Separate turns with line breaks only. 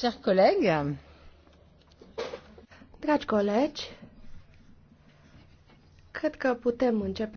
Chers collègues, Dragi colegi, cred că putem începe.